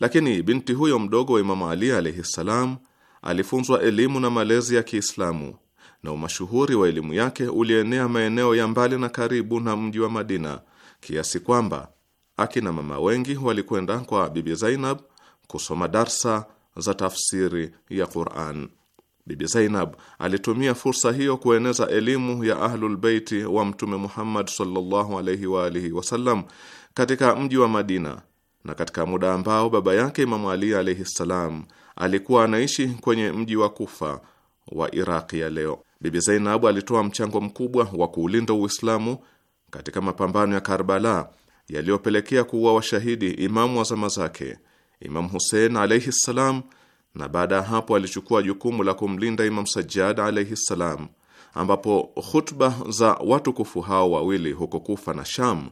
lakini binti huyo mdogo wa Imamu Ali alaihi ssalam alifunzwa elimu na malezi ya Kiislamu na umashuhuri wa elimu yake ulienea maeneo ya mbali na karibu na mji wa Madina kiasi kwamba akina mama wengi walikwenda kwa Bibi Zainab kusoma darsa za tafsiri ya Qur'an. Bibi Zainab alitumia fursa hiyo kueneza elimu ya Ahlul wa Mtume Muhammad sallallahu alaihi wa alihi wasallam katika mji wa Madina na katika muda ambao baba yake Imamu Ali alaihi salam alikuwa anaishi kwenye mji wa Kufa wa Iraqi ya leo. Bibi Zainabu alitoa mchango mkubwa wa kuulinda Uislamu katika mapambano ya Karbala yaliyopelekea kuua washahidi imamu wa zama zake, Imamu Husein alaihi ssalam, na baada ya hapo alichukua jukumu la kumlinda Imamu Sajjad alaihi ssalam, ambapo khutba za watukufu hao wawili huko Kufa na Sham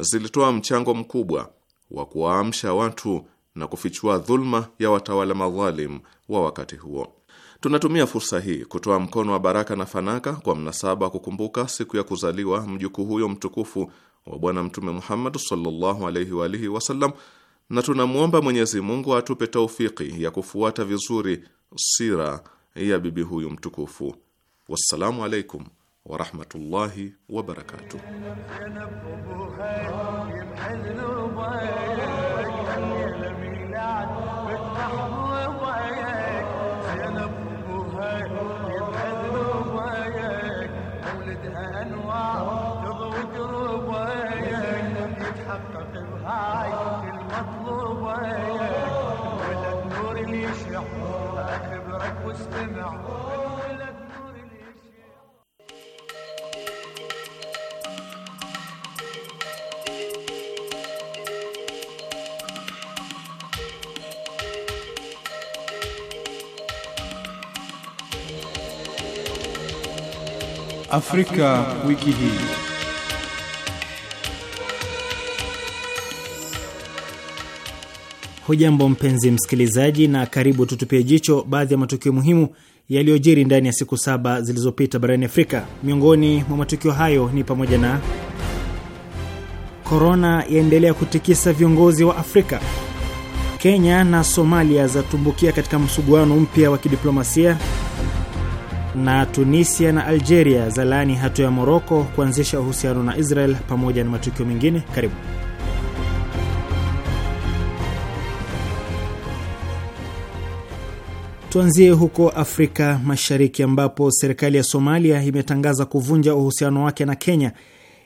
zilitoa mchango mkubwa wa kuwaamsha watu na kufichua dhulma ya watawala madhalim wa wakati huo. Tunatumia fursa hii kutoa mkono wa baraka na fanaka kwa mnasaba wa kukumbuka siku ya kuzaliwa mjukuu huyo mtukufu wa Bwana Mtume Muhammad sallallahu alaihi wa alihi wasallam, na tunamwomba Mwenyezi Mungu atupe taufiki ya kufuata vizuri sira ya bibi huyu mtukufu. Wassalamu alaikum warahmatullahi wabarakatuh. البلاد بتحضر Afrika wiki hii. Hujambo mpenzi msikilizaji, na karibu tutupie jicho baadhi ya matukio muhimu yaliyojiri ndani ya siku saba zilizopita barani Afrika. Miongoni mwa matukio hayo ni pamoja na korona yaendelea kutikisa viongozi wa Afrika, Kenya na Somalia zatumbukia katika msuguano mpya wa kidiplomasia na Tunisia na Algeria zalaani hatua ya Moroko kuanzisha uhusiano na Israel pamoja na matukio mengine. Karibu. Tuanzie huko Afrika Mashariki ambapo serikali ya Somalia imetangaza kuvunja uhusiano wake na Kenya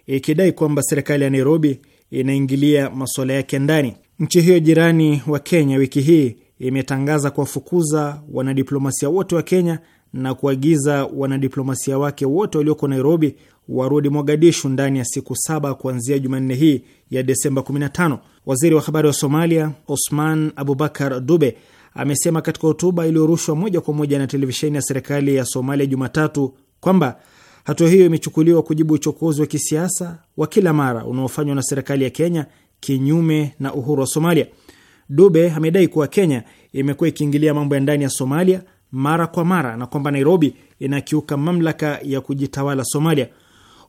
ikidai kwamba serikali ya Nairobi inaingilia masuala yake ndani. Nchi hiyo jirani wa Kenya wiki hii imetangaza kuwafukuza wanadiplomasia wote wa Kenya na kuagiza wanadiplomasia wake wote walioko Nairobi warudi Mogadishu ndani ya siku saba kuanzia Jumanne hii ya Desemba 15. Waziri wa habari wa Somalia Osman Abubakar Dube amesema katika hotuba iliyorushwa moja kwa moja na televisheni ya serikali ya Somalia Jumatatu kwamba hatua hiyo imechukuliwa kujibu uchokozi wa kisiasa wa kila mara unaofanywa na serikali ya Kenya kinyume na uhuru wa Somalia. Dube amedai kuwa Kenya imekuwa ikiingilia mambo ya ndani ya Somalia mara kwa mara na kwamba Nairobi inakiuka mamlaka ya kujitawala Somalia.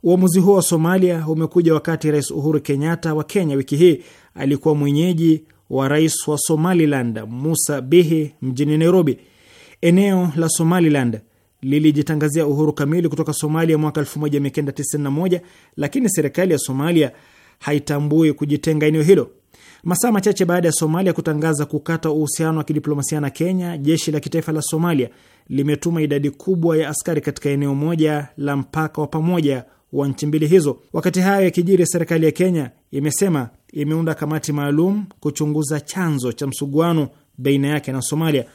Uamuzi huo wa Somalia umekuja wakati Rais Uhuru Kenyatta wa Kenya wiki hii alikuwa mwenyeji wa rais wa Somaliland Musa Bihi mjini Nairobi. Eneo la Somaliland lilijitangazia uhuru kamili kutoka Somalia mwaka 1991 lakini serikali ya Somalia haitambui kujitenga eneo hilo. Masaa machache baada ya Somalia kutangaza kukata uhusiano wa kidiplomasia na Kenya, jeshi la kitaifa la Somalia limetuma idadi kubwa ya askari katika eneo moja la mpaka wa pamoja wa nchi mbili hizo. Wakati hayo yakijiri, serikali ya Kenya imesema imeunda kamati maalum kuchunguza chanzo cha msuguano baina yake na Somalia.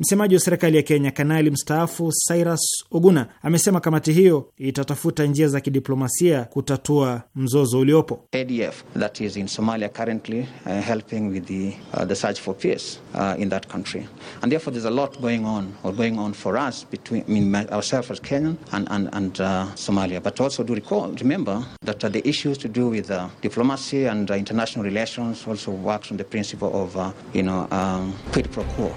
Msemaji wa serikali ya Kenya, kanali mstaafu Cyrus Oguna, amesema kamati hiyo itatafuta njia za kidiplomasia kutatua mzozo uliopo. ADF that is in Somalia currently uh, helping with the, uh, the search for peace uh, in that country and therefore there's a lot going on or going on for us between I mean, ourselves as Kenyan and, and, and uh, Somalia but also do recall, remember that uh, the issues to do with uh, diplomacy and uh, international relations also works on the principle of uh, you know, um, quid pro quo.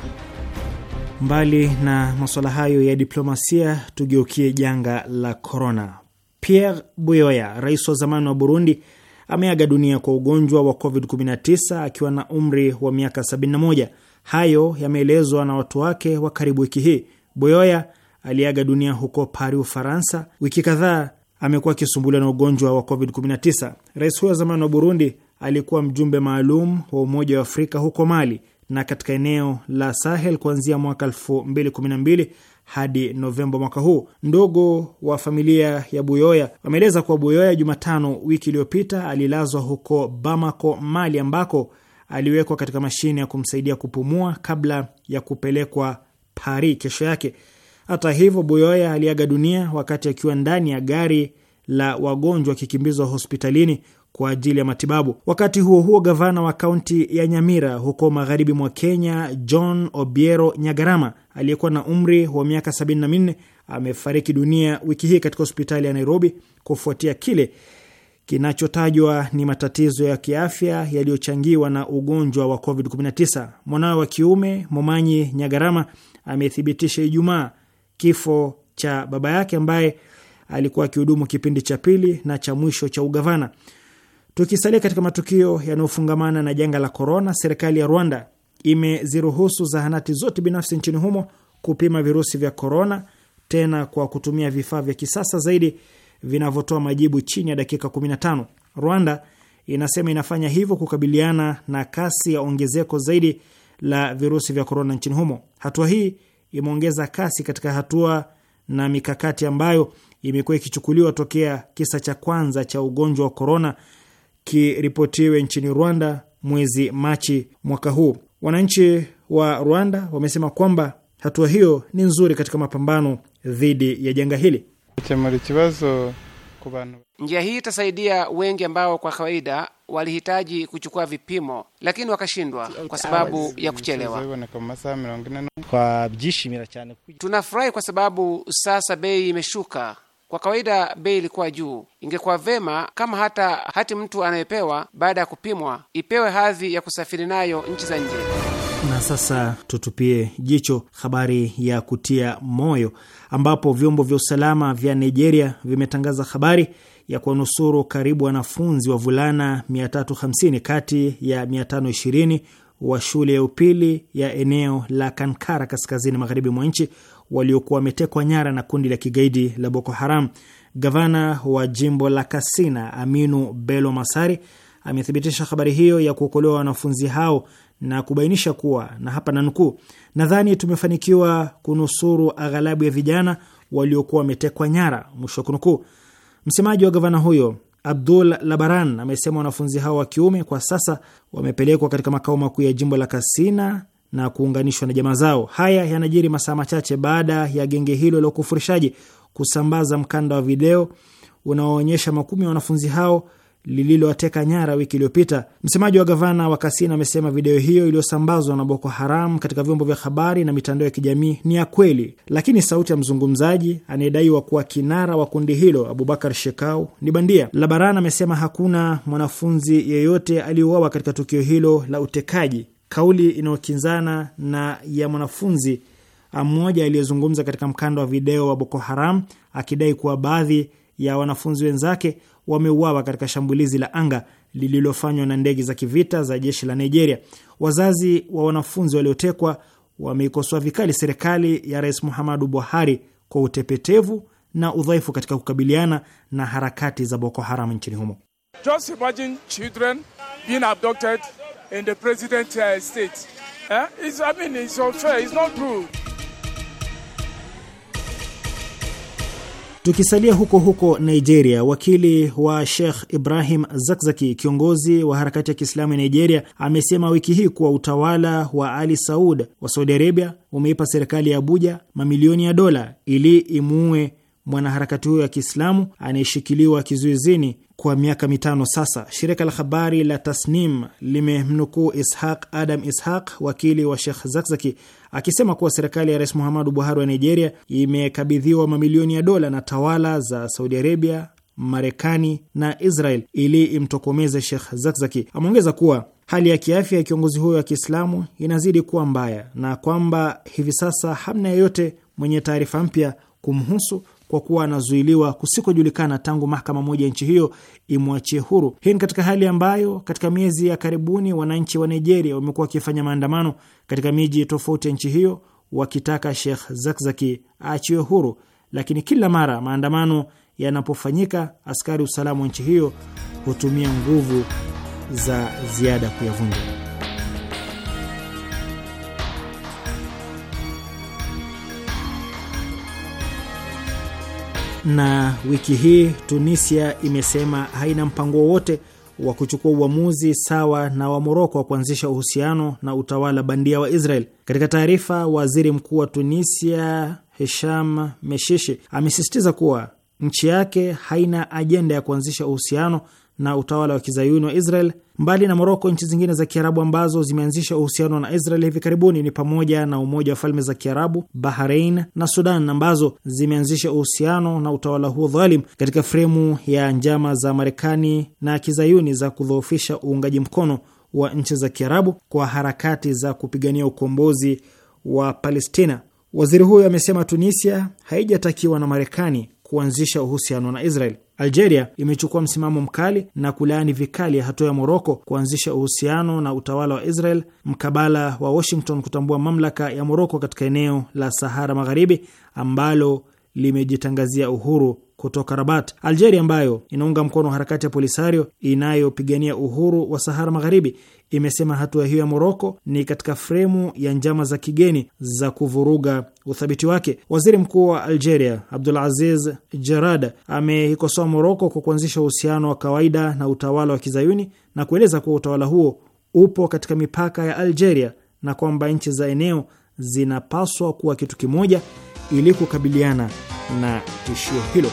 Mbali na masuala hayo ya diplomasia, tugeukie janga la korona. Pierre Buyoya, rais wa zamani wa Burundi, ameaga dunia kwa ugonjwa wa COVID-19 akiwa na umri wa miaka 71. Hayo yameelezwa na watu wake wa karibu wiki hii. Buyoya aliaga dunia huko Paris, Ufaransa. Wiki kadhaa amekuwa akisumbuliwa na ugonjwa wa COVID-19. Rais huyo wa zamani wa Burundi alikuwa mjumbe maalum wa Umoja wa Afrika huko Mali na katika eneo la Sahel kuanzia mwaka 2012 hadi Novemba mwaka huu. Ndugu wa familia ya Buyoya wameeleza kuwa Buyoya Jumatano wiki iliyopita alilazwa huko Bamako, Mali, ambako aliwekwa katika mashine ya kumsaidia kupumua kabla ya kupelekwa Paris kesho yake. Hata hivyo, Buyoya aliaga dunia wakati akiwa ndani ya gari la wagonjwa akikimbizwa hospitalini kwa ajili ya matibabu. Wakati huo huo, gavana wa kaunti ya Nyamira huko magharibi mwa Kenya, John Obiero Nyagarama aliyekuwa na umri wa miaka 74 amefariki dunia wiki hii katika hospitali ya Nairobi kufuatia kile kinachotajwa ni matatizo ya kiafya yaliyochangiwa na ugonjwa wa COVID-19. Mwanawe wa kiume Momanyi Nyagarama amethibitisha Ijumaa kifo cha baba yake ambaye alikuwa akihudumu kipindi cha pili na cha mwisho cha ugavana. Tukisalia katika matukio yanayofungamana na janga la korona, serikali ya Rwanda imeziruhusu zahanati zote binafsi nchini humo kupima virusi vya korona, tena kwa kutumia vifaa vya kisasa zaidi vinavyotoa majibu chini ya dakika 15. Rwanda inasema inafanya hivyo kukabiliana na kasi ya ongezeko zaidi la virusi vya korona nchini humo. Hatua hii imeongeza kasi katika hatua na mikakati ambayo imekuwa ikichukuliwa tokea kisa cha kwanza cha ugonjwa wa korona kiripotiwe nchini Rwanda mwezi Machi mwaka huu. Wananchi wa Rwanda wamesema kwamba hatua hiyo ni nzuri katika mapambano dhidi ya janga hili. Njia hii itasaidia wengi ambao kwa kawaida walihitaji kuchukua vipimo lakini wakashindwa kwa sababu ya kuchelewa. Tunafurahi kwa sababu sasa bei imeshuka kwa kawaida bei ilikuwa juu. Ingekuwa vema kama hata hati mtu anayepewa baada ya kupimwa ipewe hadhi ya kusafiri nayo nchi za nje. Na sasa tutupie jicho habari ya kutia moyo, ambapo vyombo vya usalama vya Nigeria vimetangaza habari ya kuwanusuru karibu wanafunzi wa vulana 350 kati ya 520 wa shule ya upili ya eneo la Kankara kaskazini magharibi mwa nchi waliokuwa wametekwa nyara na kundi la kigaidi la Boko Haram. Gavana wa jimbo la Kasina, Aminu Bello Masari, amethibitisha habari hiyo ya kuokolewa wanafunzi hao na kubainisha kuwa na hapa na nukuu, nadhani tumefanikiwa kunusuru aghalabu ya vijana waliokuwa wametekwa nyara, mwisho wa kunukuu. Msemaji wa gavana huyo Abdul Labaran amesema wanafunzi hao wa kiume kwa sasa wamepelekwa katika makao makuu ya jimbo la Kasina na kuunganishwa na jamaa zao. Haya yanajiri masaa machache baada ya genge hilo la ukufurishaji kusambaza mkanda wa video unaoonyesha makumi ya wanafunzi hao lililowateka nyara wiki iliyopita. Msemaji wa gavana wa Kasina amesema video hiyo iliyosambazwa na Boko Haram katika vyombo vya habari na mitandao ya kijamii ni ya kweli, lakini sauti ya mzungumzaji anayedaiwa kuwa kinara wa kundi hilo Abubakar Shekau ni bandia. Labaran amesema hakuna mwanafunzi yeyote aliyeuawa katika tukio hilo la utekaji kauli inayokinzana na ya mwanafunzi ah, mmoja aliyezungumza katika mkanda wa video wa Boko Haram akidai kuwa baadhi ya wanafunzi wenzake wameuawa katika shambulizi la anga lililofanywa na ndege za kivita za jeshi la Nigeria. Wazazi wa wanafunzi waliotekwa wameikosoa vikali serikali ya Rais Muhammadu Buhari kwa utepetevu na udhaifu katika kukabiliana na harakati za Boko Haram nchini humo. Just imagine children being abducted in the president's uh, state. Uh, it's, I mean, it's unfair, it's not true. Tukisalia huko huko Nigeria, wakili wa Sheikh Ibrahim Zakzaki, kiongozi wa harakati ya Kiislamu ya Nigeria, amesema wiki hii kuwa utawala wa Ali Saud wa Saudi Arabia umeipa serikali ya Abuja mamilioni ya dola ili imuue mwanaharakati huyo wa Kiislamu anayeshikiliwa kizuizini kwa miaka mitano sasa. Shirika la habari la Tasnim limemnukuu Ishaq Adam Ishaq, wakili wa shekh Zakzaki, akisema kuwa serikali ya Rais Muhammadu Buhari wa Nigeria imekabidhiwa mamilioni ya dola na tawala za Saudi Arabia, Marekani na Israel ili imtokomeze Sheikh Zakzaki. Ameongeza kuwa hali ya kiafya ya kiongozi huyo wa Kiislamu inazidi kuwa mbaya na kwamba hivi sasa hamna yeyote mwenye taarifa mpya kumhusu kwa kuwa anazuiliwa kusikojulikana tangu mahakama moja ya nchi hiyo imwachie huru. Hii ni katika hali ambayo katika miezi ya karibuni wananchi wa Nigeria wamekuwa wakifanya maandamano katika miji tofauti ya nchi hiyo wakitaka Sheikh Zakzaki aachiwe huru, lakini kila mara maandamano yanapofanyika, askari usalama wa nchi hiyo hutumia nguvu za ziada kuyavunja. Na wiki hii Tunisia imesema haina mpango wowote wa kuchukua uamuzi sawa na wa Moroko wa kuanzisha uhusiano na utawala bandia wa Israel. Katika taarifa, waziri mkuu wa Tunisia Hesham Meshishi amesisitiza kuwa nchi yake haina ajenda ya kuanzisha uhusiano na utawala wa kizayuni wa Israel. Mbali na Moroko, nchi zingine za Kiarabu ambazo zimeanzisha uhusiano na Israel hivi karibuni ni pamoja na Umoja wa Falme za Kiarabu, Bahrain na Sudan, ambazo zimeanzisha uhusiano na utawala huo dhalim katika fremu ya njama za Marekani na kizayuni za kudhoofisha uungaji mkono wa nchi za Kiarabu kwa harakati za kupigania ukombozi wa Palestina. Waziri huyo amesema Tunisia haijatakiwa na Marekani kuanzisha uhusiano na Israel. Algeria imechukua msimamo mkali na kulaani vikali ya hatua ya Moroko kuanzisha uhusiano na utawala wa Israel mkabala wa Washington kutambua mamlaka ya Moroko katika eneo la Sahara Magharibi ambalo limejitangazia uhuru kutoka Rabat. Algeria ambayo inaunga mkono harakati ya Polisario inayopigania uhuru wa Sahara Magharibi imesema hatua hiyo ya Moroko ni katika fremu ya njama za kigeni za kuvuruga uthabiti wake. Waziri mkuu wa Algeria Abdul Aziz Jarada ameikosoa Moroko kwa kuanzisha uhusiano wa kawaida na utawala wa kizayuni na kueleza kuwa utawala huo upo katika mipaka ya Algeria na kwamba nchi za eneo zinapaswa kuwa kitu kimoja ili kukabiliana na tishio hilo.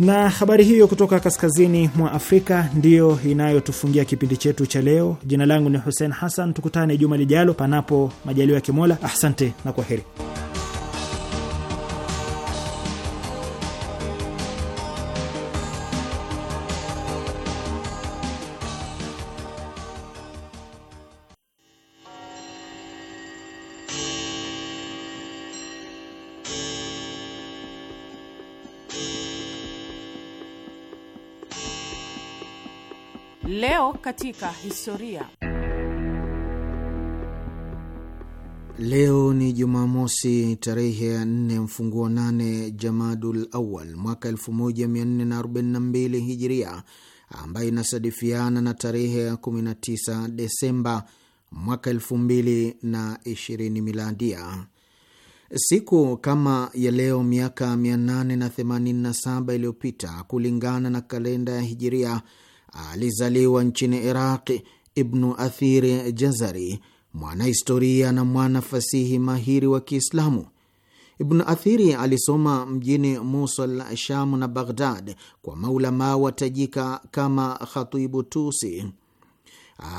Na habari hiyo kutoka kaskazini mwa Afrika ndiyo inayotufungia kipindi chetu cha leo. Jina langu ni Hussein Hassan, tukutane juma lijalo, panapo majaliwa ya Kimola. Asante na kwa heri. Leo katika historia. Leo ni Jumamosi, tarehe ya nne mfunguo nane Jamadul Awal mwaka 1442 Hijiria, ambayo inasadifiana na tarehe ya 19 Desemba mwaka 2020 Miladia. Siku kama ya leo miaka 887 iliyopita kulingana na kalenda ya Hijiria, alizaliwa nchini Iraqi Ibnu Athiri Jazari, mwanahistoria na mwana fasihi mahiri wa Kiislamu. Ibnu Athiri alisoma mjini Mosul, Shamu na Baghdad kwa maulamaa watajika kama Khatibu Tusi.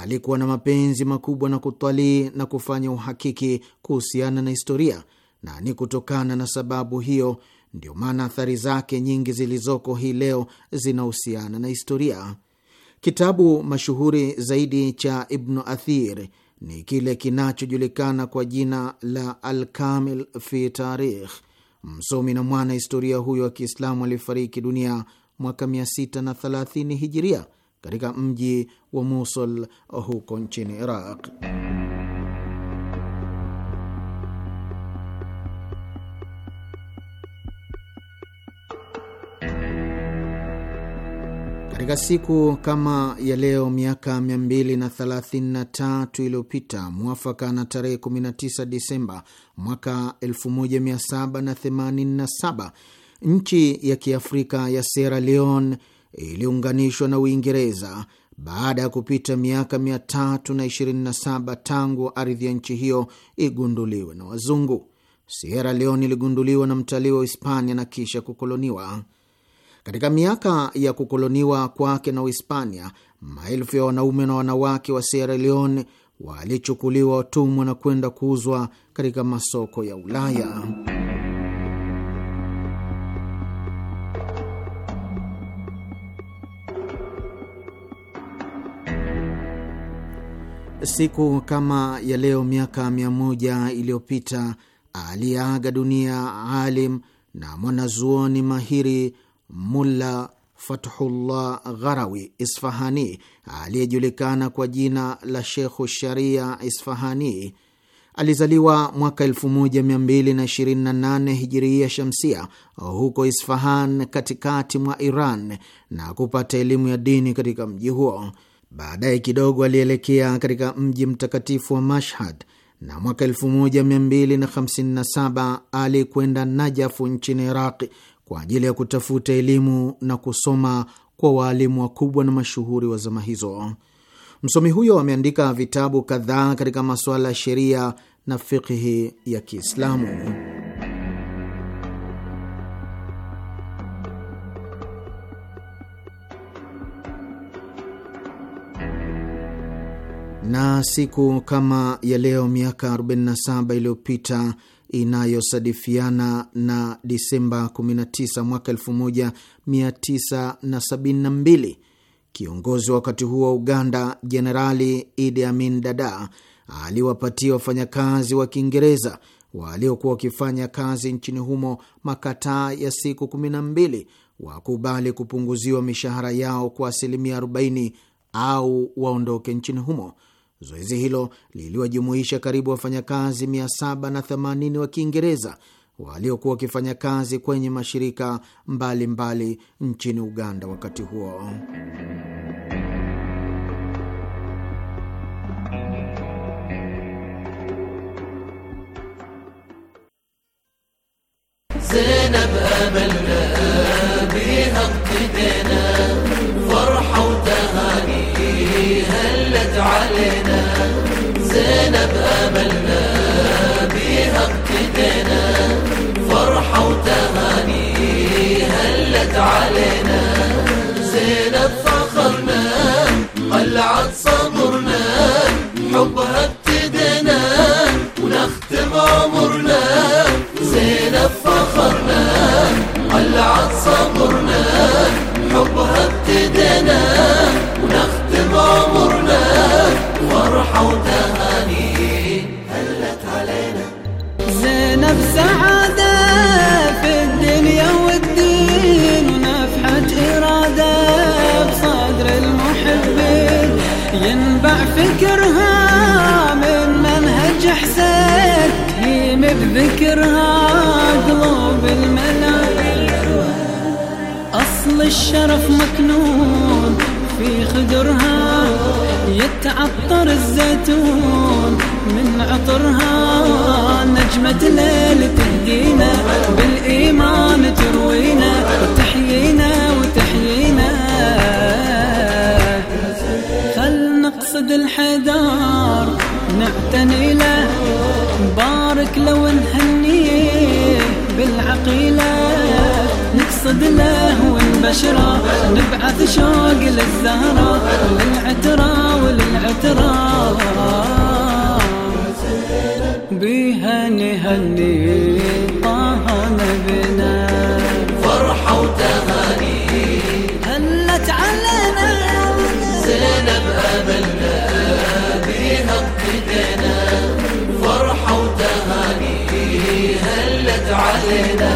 Alikuwa na mapenzi makubwa na kutalii na kufanya uhakiki kuhusiana na historia, na ni kutokana na sababu hiyo ndio maana athari zake nyingi zilizoko hii leo zinahusiana na historia. Kitabu mashuhuri zaidi cha Ibnu Athir ni kile kinachojulikana kwa jina la Alkamil fi Tarikh. Msomi na mwana historia huyo wa Kiislamu alifariki dunia mwaka 630 hijiria katika mji wa Mosul huko nchini Iraq. Katika siku kama ya leo miaka 233 iliyopita mwafaka na tarehe 19 Disemba mwaka 1787 nchi ya kiafrika ya Sierra Leone iliunganishwa na Uingereza baada ya kupita miaka 327 tangu ardhi ya nchi hiyo igunduliwe na wazungu. Sierra Leone iligunduliwa na mtalii wa Hispania na kisha kukoloniwa. Katika miaka ya kukoloniwa kwake na Uhispania, maelfu ya wanaume na wanawake wa Sierra Leone walichukuliwa watumwa na kwenda kuuzwa katika masoko ya Ulaya. Siku kama ya leo miaka mia moja iliyopita aliyeaga dunia alim na mwanazuoni mahiri Mulla Fathullah Gharawi Isfahani aliyejulikana kwa jina la Shekhu Sharia Isfahani alizaliwa mwaka 1228 hijiria shamsia huko Isfahan katikati mwa Iran na kupata elimu ya dini katika mji huo. Baadaye kidogo alielekea katika mji mtakatifu wa Mashhad na mwaka 1257 alikwenda Najafu nchini Iraqi kwa ajili ya kutafuta elimu na kusoma kwa waalimu wakubwa na mashuhuri wa zama hizo. Msomi huyo ameandika vitabu kadhaa katika masuala ya sheria na fikhi ya Kiislamu. Na siku kama ya leo miaka 47 iliyopita inayosadifiana na Disemba 19 mwaka 1972, kiongozi wa wakati huo wa Uganda Jenerali Idi Amin Dada aliwapatia wafanyakazi wa Kiingereza waliokuwa wakifanya kazi nchini humo makataa ya siku 12 wakubali kupunguziwa mishahara yao kwa asilimia 40 au waondoke nchini humo. Zoezi hilo liliwajumuisha karibu wafanyakazi 780 wa Kiingereza waliokuwa wakifanya kazi kwenye mashirika mbalimbali mbali nchini Uganda wakati huo. Zinab, هلت علينا زينب أملنا بها ابتدينا فرحة وتهاني هلت علينا زينب فخرنا قلعت صبرنا حبها ابتدينا ونختم عمرنا زينب فخرنا قلعت صبرنا حبها ابتدينا ونختم عمرنا فرحة وتهاني هلت علينا زينب سعادة في الدنيا والدين ونفحة إرادة بصدر المحبين ينبع فكرها من منهج حسين هي بذكرها قلوب المنابر أصل الشرف مكنون في خدرها يتعطر الزيتون من عطرها نجمة ليل تهدينا بالإيمان تروينا وتحيينا وتحيينا خل نقصد الحدار نعتني له بارك لو نهنيه بالعقيله نقصد له والبشرة نبعث شوق للزهرة للعترة وللعترة بيها نهني طه نبنا فرحة وتهاني هلت علينا زينب أملنا بيها اقتدينا فرحة وتهاني هلت علينا